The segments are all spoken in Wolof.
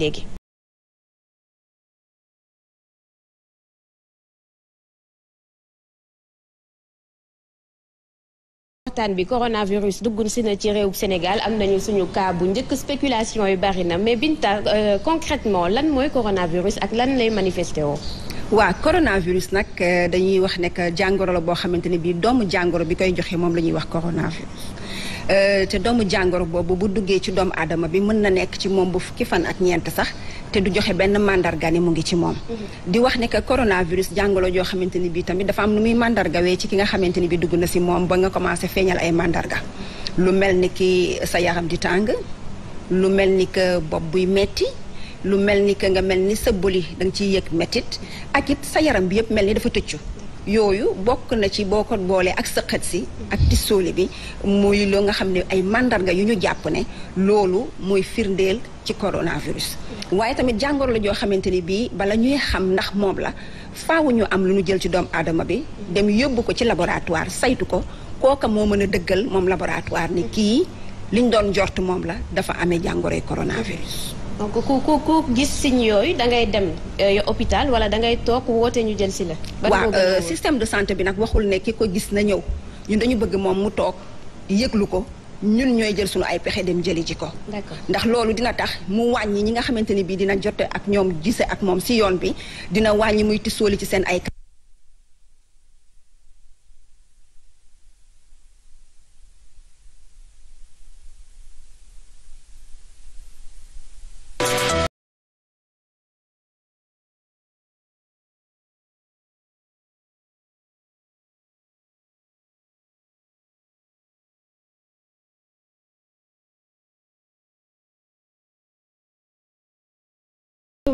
léegi. waxtaan bi coronavirus duggun si na ci réewum Sénégal am nañu suñu cas bu njëkk spéculation yu bari na mais Binta euh, concrètement lan mooy coronavirus ak lan lay manifesté woo. waaw coronavirus nag euh, dañuy wax nekk jàngoro la boo xamante ne bii doomu jàngoro bi koy joxe moom la ñuy wax coronavirus. Euh, te doomu jàngoro boobu bu duggee ci doomu aadama bi mën na nekk ci moom bu fukki fan ak ñeent sax te du joxe benn màndarga ni mu ngi ci moom. Mhm. di wax ne que coronavirus jàngoro joo xamante ni bii tamit dafa am nu muy mandargawee ci ki nga xamante ni bii dugg na si moom ba nga commencé feeñal ay mandarga. lu mel ni ki sa yaram di tàng lu mel ni que bopp buy metti lu mel ni que nga mel ni sa boli da nga ciy yëg mettit ak it sa yaram bi yëpp mel ni dafa tëccu. yooyu bokk na ci boo ko boolee ak sëqat si ak tisooli bi muy loo nga xam ne ay màndarga yu ñu jàpp ne loolu mooy firndeel ci coronavirus waaye tamit jàngoro la joo xamante ni bii bala ñuy xam ndax moom la faaw ñu am lu ñu jël ci doomu aadama bi dem yóbbu ko ci laboratoire saytu ko kooka moo mën a dëggal moom laboratoire ni kii li ñu doon njort moom la dafa amee jàngoroy coronavirus donc ku ku ku gis signes yooyu da ngay dem euh, hôpital wala da ngay toog wootee ñu jël si la. waaw euh, système de santé bi nag waxul ne ki ko gis na ñëw ñun dañu bëgg moom mu toog yëglu ko. ñun ñooy jël sunu ay pexe dem jëli ji ko. ndax loolu dina tax mu wàññi ñi nga xamante ni bii dina jote ak ñoom gise ak moom si yoon bi dina wàññi muy tisooli ci seen ay.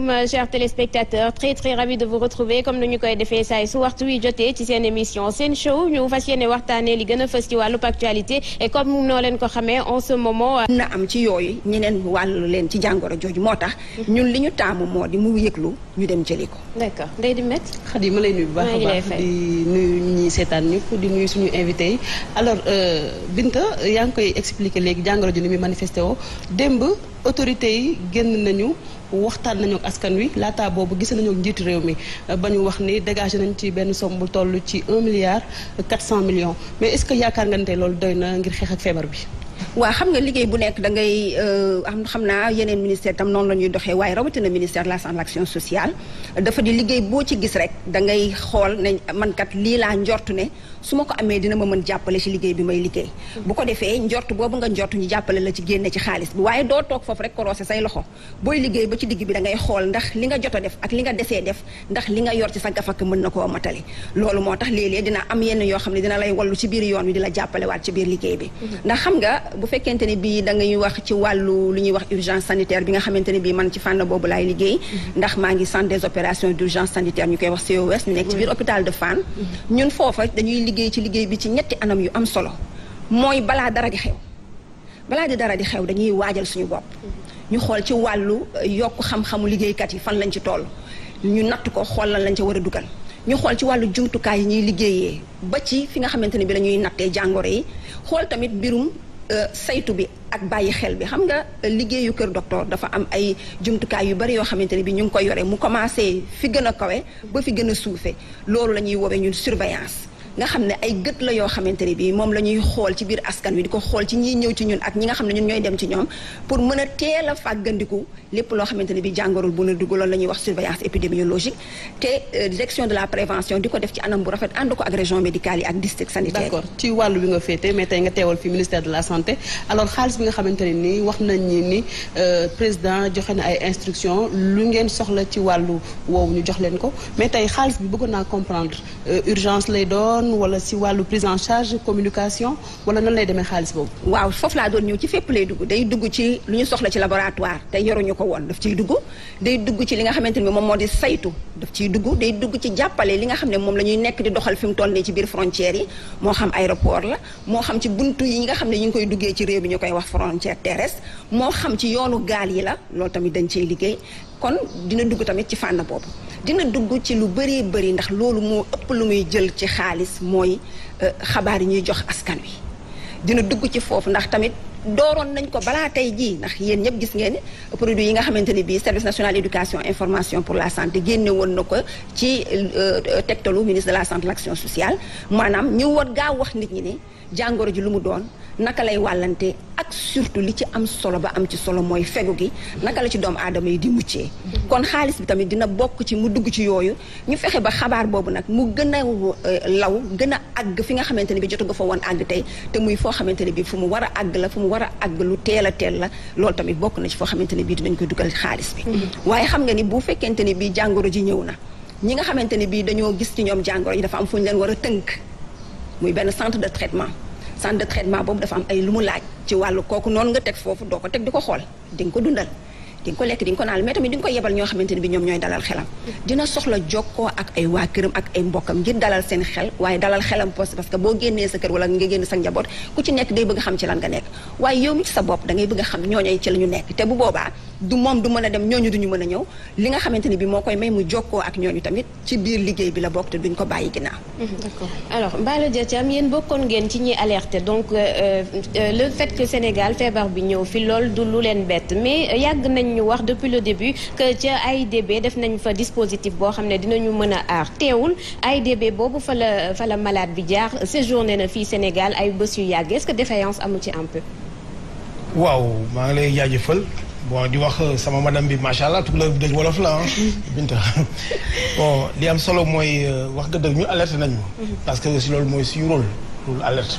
ma chers téléspectateurs très très ravi de vous retrouver comme ni ñu koy defee saay su waxtu wi jotee ci seen émission seen show ñu fas waxtaanee li gën a fës ci wàllub actualité et comme noo leen ko xamee en ce moment. Euh, na am ci yooyu ñeneen wàllu leen ci jàngoro jooju moo tax. Mm-hmm. ñun li ñu taamu moo di mu yëglu. ñu dem jëli ko. d'accord Ndeye Dimet. Khady ma lay nuyu bu baax a baax di nuyu ñi seetaan ñëpp di nuy suñu invité yi alors euh, Binta yaa ngi koy expliquer léegi jàngoro ji ni muy manifesté woo démb autorités yi génn nañu. waxtaan nañu askan wi laata boobu gisee nañu ak njiitu réew mi ba ñu wax ni dégagé nañ ci benn somme bu toll ci un milliard quatre cent millions mais est-ce que yaakaar nga ne loolu doy na ngir xeex ak feebar bi. waaw xam nga liggéey bu nekk da ngay euh, am xam naa yeneen ministère tam noonu la ñuy doxee waaye rawatina ministère la santé l'action sociale dafa di liggéey boo ci gis rek da ngay xool ne man kat lii laa njortu ne su ma ko amee dina ma mën jàppale ci liggéey bi may liggéey bu ko defee njort boobu nga njortu ñu jàppale la ci génne ci xaalis bi waaye doo toog foofu rek korosé loxo booy liggéey ba ci digg bi da ngay xool ndax li nga jot a def ak li nga desee def ndax li nga yor ci sa gafak mën na koo matali loolu moo tax léeg-léeg dina am yenn yoo xam ne dina lay wallu ci biir yoon wi di la jàppalewaat ci biir liggéey bi mm-hmm. bu fekkente ne bii da ngay wax ci wàllu lu ñuy wax urgence sanitaire bi nga xamante ne bii man ci fànn boobu laay liggéey mhm. ndax maa ngi centre des opérations d'urgence sanitaire ñu koy wax COS ñu nekk ci biir hôpital de Fann mhm. ñun foofa dañuy liggéey ci liggéey bi ci ñetti anam yu am solo mooy balaa dara di xew balaa di dara di xew dañuy waajal suñu bopp ñu xool ci wàllu euh, yokk xam-xamu liggéeykat yi fan lañ ci toll ñu natt ko xool lan lañ ca war a dugal ñu xool ci wàllu jumtukaay yi ñuy liggéeyee ba ci fi nga xamante ne bi la nattee jàngoro yi xool tamit mbirum Euh, saytu bi ak bàyyi xel bi xam nga liggéeyu kër docteur dafa am ay jumtukaay yu bari yoo xamante ne bi ñu ngi koy yore mu commencé fi gën a kawe ba fi gën a suufee loolu la ñuy woowee ñun surveillance nga xam ne ay gët la yoo xamante ne bii moom la ñuy xool ci biir askan wi di ko xool ci ñiy ñëw ci ñun ak ñi nga xam ne ñun ñooy dem ci ñoom pour mën a teel a fàggandiku lépp loo xamante ne bii jàngorul bu na dugg loolu wax surveillance épidémiologique te euh, direction de la prévention di ko def ci anam bu rafet ànd ko ak région yi ak district sanitaire d'accord ci wàllu bi nga féete mais tey nga teewal fi ministère de la santé alors xaalis ne nii wax euh, joxe na ay instruction lu ngeen soxla ci wàllu woowu ñu jox leen ko mais tey xaalis bi bëggoon naa comprendre euh, urgence lay doon téléphone wala si wàllu prise en charge communication wala nan lay demee xaalis boobu. waaw foofu laa doon ñëw ci fépp lay dugg day dugg ci lu ñu ci laboratoire te yoruñu ko woon daf ciy dugg day dugg ci li nga xamante ni moom moo di saytu daf ciy dugg day dugg ci jàppale li nga xam ne moom la nekk di doxal fi mu toll nii ci biir frontières yi moo xam aéroport la moo xam ci buntu yi nga xam ne ñu ngi koy duggee ci réew bi ñu koy wax frontière terrestre moo xam ci yoonu gaal yi la loolu tamit dañ ciy liggéey kon dina dugg tamit ci fànn boobu dina dugg ci lu bëree bëri ndax loolu moo ëpp lu muy jël ci xaalis mooy euh, xabaar yi ñuy jox askan wi dina dugg ci foofu ndax tamit dooroon nañ ko balaa tey jii ndax yéen ñëpp gis ngeen ne produit yi nga xamante ni bii service national éducation information pour la santé génne woon na ko ci euh, tegtalu ministre de la santé l'action sociale maanaam ñu war gaaw wax nit ñi ne jàngoro ji lu mu doon naka lay wàllante ak surtout li ci am solo ba am ci solo mooy fegu gi naka la ci doomu aadama yi di muccee kon xaalis bi tamit dina bokk ci mu dugg ci yooyu ñu fexe ba xabaar boobu nag mu gën a euh, law gën a àgg fi nga xamante ne bi jot nga fa woon àgg tey te foo xamante ne bi fu mu war a àgg fu mu war a àgg lu teel a teel la loolu tamit bokk na ci foo xamante ne bi dinañ ko dugal xaalis bi mm-hmm. waaye xam nga ni bu fekkente ni bi jàngoro ji ñëw na ñi nga xamante ne bii dañoo gis ci ñoom jàngoro ji dafa am fu ñu leen war a tënk muy benn centre de traitement centre de traitement boobu dafa am ay lu mu laaj ci wàllu kooku noonu nga teg foofu doo ko teg di ko xool di nga ko dundal di nga ko lekk di nga ko naan mais tamit di ko yebal ñoo xamante ne bi ñoom ñooy dalal xelam dina soxla jokkoo ak ay waa këram ak ay mbokkam ngir dalal seen xel waaye dalal xelam poste parce que boo génnee sa kër wala nga génn sa njaboot ku ci nekk day bëgg xam ci lan nga nekk waaye yow mi ci sa bopp da bëgg xam ñooñu ci la ñu nekk te bu boobaa du moom du mën a dem ñooñu duñu mën a ñëw li nga xamante ni bi moo koy may mu jokkoo ak ñooñu tamit ci biir liggéey bi la bokk te duñ ko bàyyi ginnaaw. Mhm, d'accord alors Mballo Dia Thiam yéen bokkoon ngeen ci ñi alerté donc euh, euh, le fait Sénégal feebar bi ñëw fi lool du leen bett mais euh, yàgg nañ ñu wax depuis le début que ca AIDB def nañu fa dispositif boo xam ne dinañu mën a aar teewul ay AIDB boobu fa la fa la bi jaar ne na fii Sénégal ay bés yu yàgg est-ce que défaillance amu ci un peu. waaw maa bon di wax euh, sama madame bi macha allah tukulóor bi dégg wolof la Binta bon li am solo mooy euh, wax nga dëgg ñu alerte nañu. Mhm. parce que aussi loolu mooy suñu rôle. rôle alerte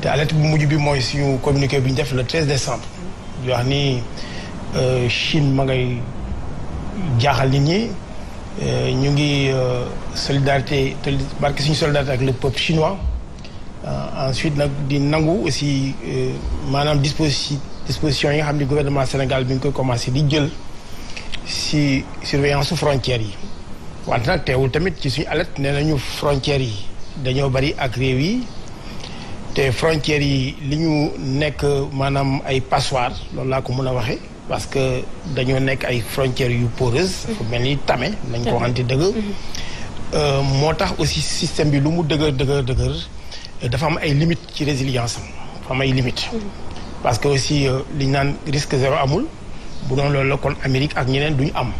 te alerte bu mujj bi mooy suñu communiquer bi ñu def le 13 décembre. di wax ni euh, Chine ma ngay jaaxal nit ñi ñu ngi solidarité te barke suñu solidarité ak le peuple chinois ensuite nag di nangu aussi maanaam dispositif. dispositions yi xam ne gouvernement Sénégal bi ngi koy commencé di jël si surveillance su yi wante nag teewul tamit ci suñu alerte nee nañu frontières yi dañoo bari ak réew yi te frontières yi li ñu nekk maanaam ay passoire loolu laa ko mën a waxee parce que dañoo nekk ay frontières yu poreuses. fu mel ni tame nañ ko waxante dëgg. Euh, moo tax aussi système bi lu mu dëgër dëgër dëgër dafa am ay limites ci résilience am dafa am ay limites. Mmh. parce que aussi euh, li naan risque zéro amul bu doon loolu la kon Amérique ak ñeneen duñu am.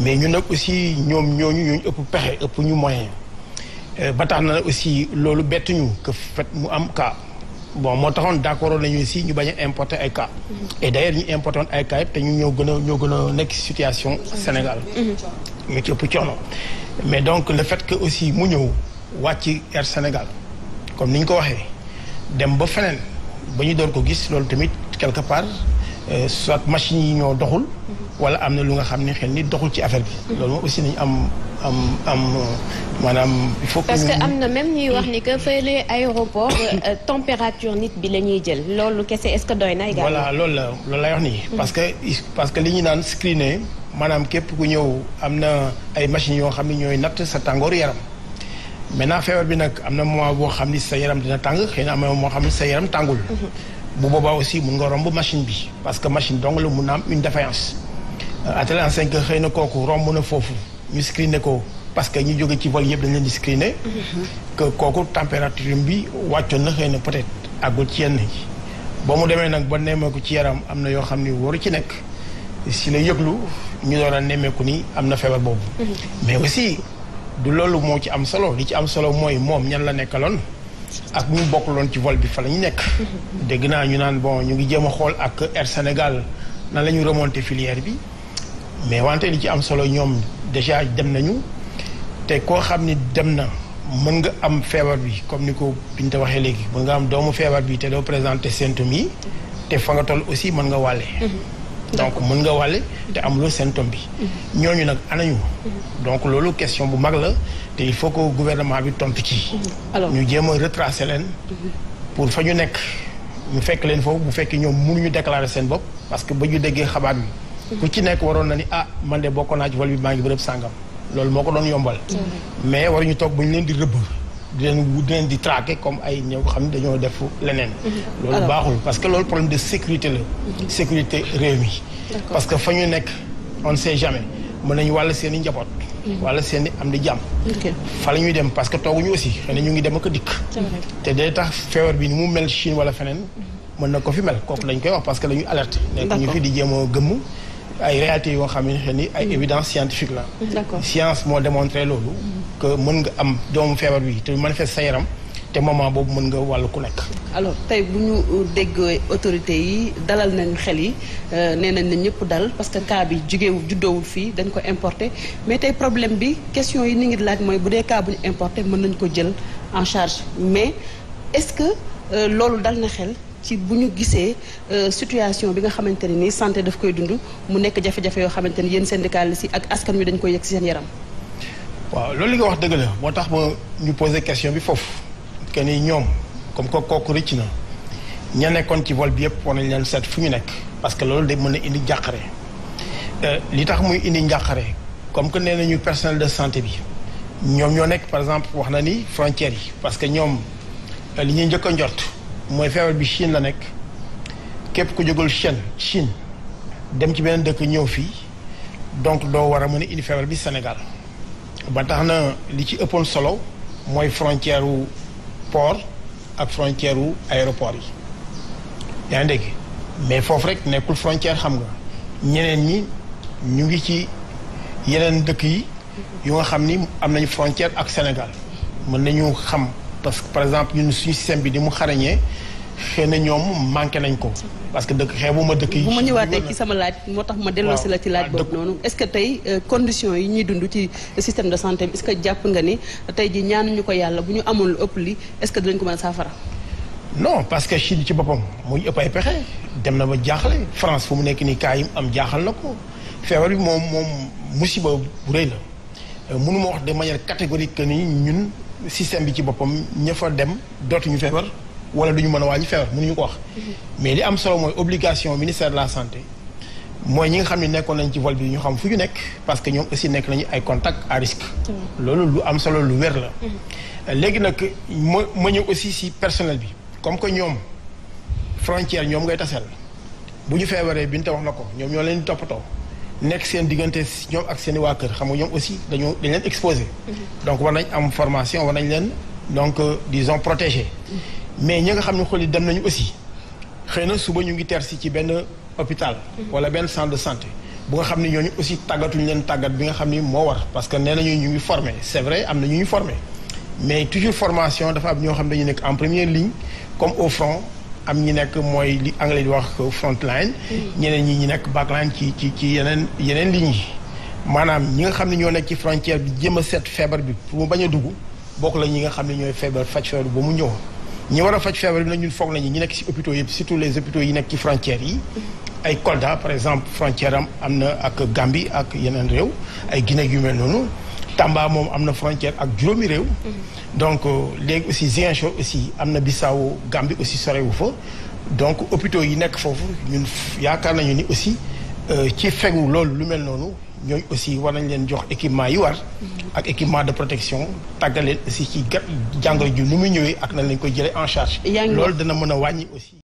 mais ñun nag aussi ñoom ñooñu ñu ëpp pexe ëpp ñu moyen. Euh, ba tax na aussi loolu bett ñu que fait mu am cas bon moo taxoon d' accord nañu aussi ñu bañ a importer ay cas. Mhm. et d' ñu importé ay cas yëpp te ñu ñoo gën a ñoo gën a nekk situation mhm. Sénégal. ñu mhm. ci ëpp coono. mais donc le fait que aussi mu ñëw wàcc Air Sénégal comme ni ko waxee dem ba feneen. ba ñu doon ko gis loolu tamit quelque part euh, soit machines yi ñoo doxul. wala am na lu nga xam ne xel ni doxul ci affaire bi. loolu moom aussi nañu am am am maanaam. il faut que parce que am na même ñuy wax ni que fële aéroport euh, température nit bi la ñuy jël loolu kese est-ce que doy na. voilà loolu la loolu lay wax nii. Mm-hmm. parce que parce que li ñu naan screener maanaam képp ku ñëw am na ay machines yoo xam ne ñooy natt sa tàngooru yaram. maintenant feebar bi nag am na moment boo xam ni sa yaram dina tàng xëy na am na moo xam ni sa yaram tàngul. Mhm. bu boobaa aussi mun nga romb machine bi parce que machine dong la mun a am une défaillance. à euh, tel xëy na kooku romb na foofu ñu screené ko parce que ñu jóge ci vol yëpp dañ leen di screené. Mhm. kooku température bi wàccoon na xëy na peut-être àggul ci yenn yi. ba mu demee nag ba nemeeku ci yaram am na yoo xam ni waru ci nekk si la yëglu ñu doon a nemmeeku ni am na feebar boobu. Mhm. du loolu moo ci am solo li ci am solo mooy moom ñan la nekkaloon ak ñu bokkaloon ci vol bi fa la ñu nekk. dégg naa ñu naan bon ñu ngi jéem a xool ak Air Sénégal nan la ñu remonté filière bi mais wante li ci am solo ñoom déjà dem nañu te koo xam ni dem na mën nga am feebar bi comme ni ko Binta waxee léegi mën nga am doomu feebar bi te doo présenté symptômes yi te fa nga toll aussi mën nga wàlle. donc mën nga wàlle te amuloo symptôme bi. Mhm. ñooñu nag anañu. Mhm. donc loolu question bu mag la te il faut que gouvernement bi tontu ci. Mhm. ñu jéem a retracer leen. pour fa ñu nekk ñu fekk leen foofu bu fekkee ñoom ñu déclarer seen bopp parce que ba ñu déggee xabaar bi. ku ci nekk waroon na ni ah man de bokk naa ci vol maa ngi bërëb sàngam loolu moo ko doon yombal. mais waruñu toog ba ñu leen di rëbb. di leen wu di leen di traqué comme ay ñëw xam ne dañoo def leneen. Mhm. loolu baaxul parce que loolu problème de sécurité la. Mhm. sécurité réew mi. parce que fa ñu nekk on ne sait jamais mën nañu wàll seen i njaboot. Mhm. wala seen i am di jàmm. fa la ñuy dem parce que tooguñu aussi xëy ñu ngi dem ak dikk. te day tax feebar bi ni mu mel Chine wala feneen. mën na ko fi mel kooku lañ koy wax parce que la ñuy alerte. nekk ñu fi di jéem a gëmm ay réalités yoo xam ne ni ay évidence scientifique la. science moo démontré loolu. que mën nga am doomu feebar bi te manifeste sa yaram te moment boobu mën nga walla ku nekk. alors tey bu ñu déggee autorités yi dalal nañu xel yi euh, nee nañ ne ñëpp dal parce que cas bi jugeewul juddoowul fii dañ ko importé mais tey problème bi question yi ni ngi laaj mooy bu dee cas bu ñu importé mën nañ ko jël en charge mais est-ce que euh, loolu dal na xel. ci bu ñu gisee euh, situation bi nga xamante ne nii santé daf koy dund mu nekk jafe-jafe yoo xamante ni yéen syndicalistes yi ak askan wi dañ koy yegg seen yaram. waaw loolu li nga wax dëgg la moo tax moo ñu posé question bi foofu que ni ñoom comme que kooku rëcc na ña nekkoon ci vol bi yëpp war nañ leen seet fu ñu nekk parce que loolu day mun a indi njàqare euh, li tax muy indi njàqare comme que nee nañu personnel de santé bi ñoom ñoo nekk par exemple wax na ni frontières yi parce que ñoom euh, li ñuy njëkk a njort mooy feebar bi Chine la nekk képp ku jógul Chine Chine dem ci beneen dëkk ñëw fii donc doo war a mën a indi feebar bi Sénégal ba tax na li ci ëppoon solo mooy frontière wu port ak frontière wu aéroport yi yaa ngi mais foofu rek nekkul frontière xam nga ñeneen ñi ñu ngi ci yeneen dëkk yi yu nga xam ni am nañu frontière ak Sénégal mën nañu xam parce que par exemple ñun suñu système bi ni mu xarañee xëy na ñoom manqué nañ ko. parce que dëkk bu ma dëkk yi. bu ma ñëwaatee ci sama laaj moo tax ma delloo la ci laaj boobu noonu. est-ce que tey euh, conditions yi ñuy dund ci système de santé bi est-ce que jàpp nga ni tey ji ñaanuñu ko yàlla bu ñu amoon lu ëpp li est-ce que dinañ ko mën a saafara. non parce que Chine ci boppam muy ëpp ay pexe dem na ba jaaxle France fu mu nekk nii kaa yi am jaaxal na ko feebar bi moom moom musiba bu rëy la euh, mënuma wax de manière catégorique que ñun système bi ci boppam ña dem dootuñu feebar. wala du ñu mën a wàññi feebar ñu ko wax. Mhm. mais li am solo mooy obligation ministère de la santé mooy ñi nga xam ne nekkoon nañ ci vol bi ñu xam fu ñu nekk parce que ñoom aussi nekk nañu ay contact à risque. loolu lu am solo lu wér la. Mhm. léegi nag ma ma ñëw aussi si personnel bi comme que ñoom frontière ñoom ngay taseel bu ñu feebaree bi ñu te wax na ko ñoom ñoo leen toppatoo. nekk seen diggante ñoom ak seeni i waa kër xam nga ñoom aussi dañoo dañ leen exposé. Mhm. donc war nañ am formation war nañ leen donc euh, disons protégé. mais ñi nga xam ne xool yi dem nañu aussi xëy na suba ñu ngi teer si ci benn hôpital. wala benn centre de santé. bu nga xam ne ñooñu aussi tàggatuñu leen tàggat bi nga xam ni moo war parce que nee nañu ñu ngi formé c'est vrai am na ñu ñu formé mais toujours formation dafa am ñoo xam ne dañu nekk en première ligne comme au front am ñi nekk mooy li anglais di wax front line. ñeneen ñi ñi nekk back line ci ci ci yeneen yeneen lignes yi. maanaam ñi nga xam ne ñoo nekk ci frontière bi jéem a seet feebar bi pour mu bañ a dugg bokk la ñi nga xam ne ñooy feebar faj feebar ba mu ñëw. ñi war a faj feebar bi ñun foog nañu ñi nekk ci hôpitaux yëpp surtout les hôpitaux yi nekk ci frontières yi. ay Kolda par exemple frontière am am na ak Gambie ak yeneen réew ay Guinée yu mel noonu. Tamba moom am na frontière ak juróomi réew. donc euh, léegi aussi Ziguinchor aussi am na Bissau Gambie aussi sorewu fa. donc hôpitaux yi nekk foofu ñun yaakaar nañu ni aussi. Euh, ci fegu loolu lu mel noonu ñooy aussi war nañ leen jox équipements yi war. ak équipement de protection tàggal leen aussi ci gàtt jàngoro ju ni muy ñëwee ak nañ lañ koy jëlee en charge. loolu dana mën a wàññi aussi.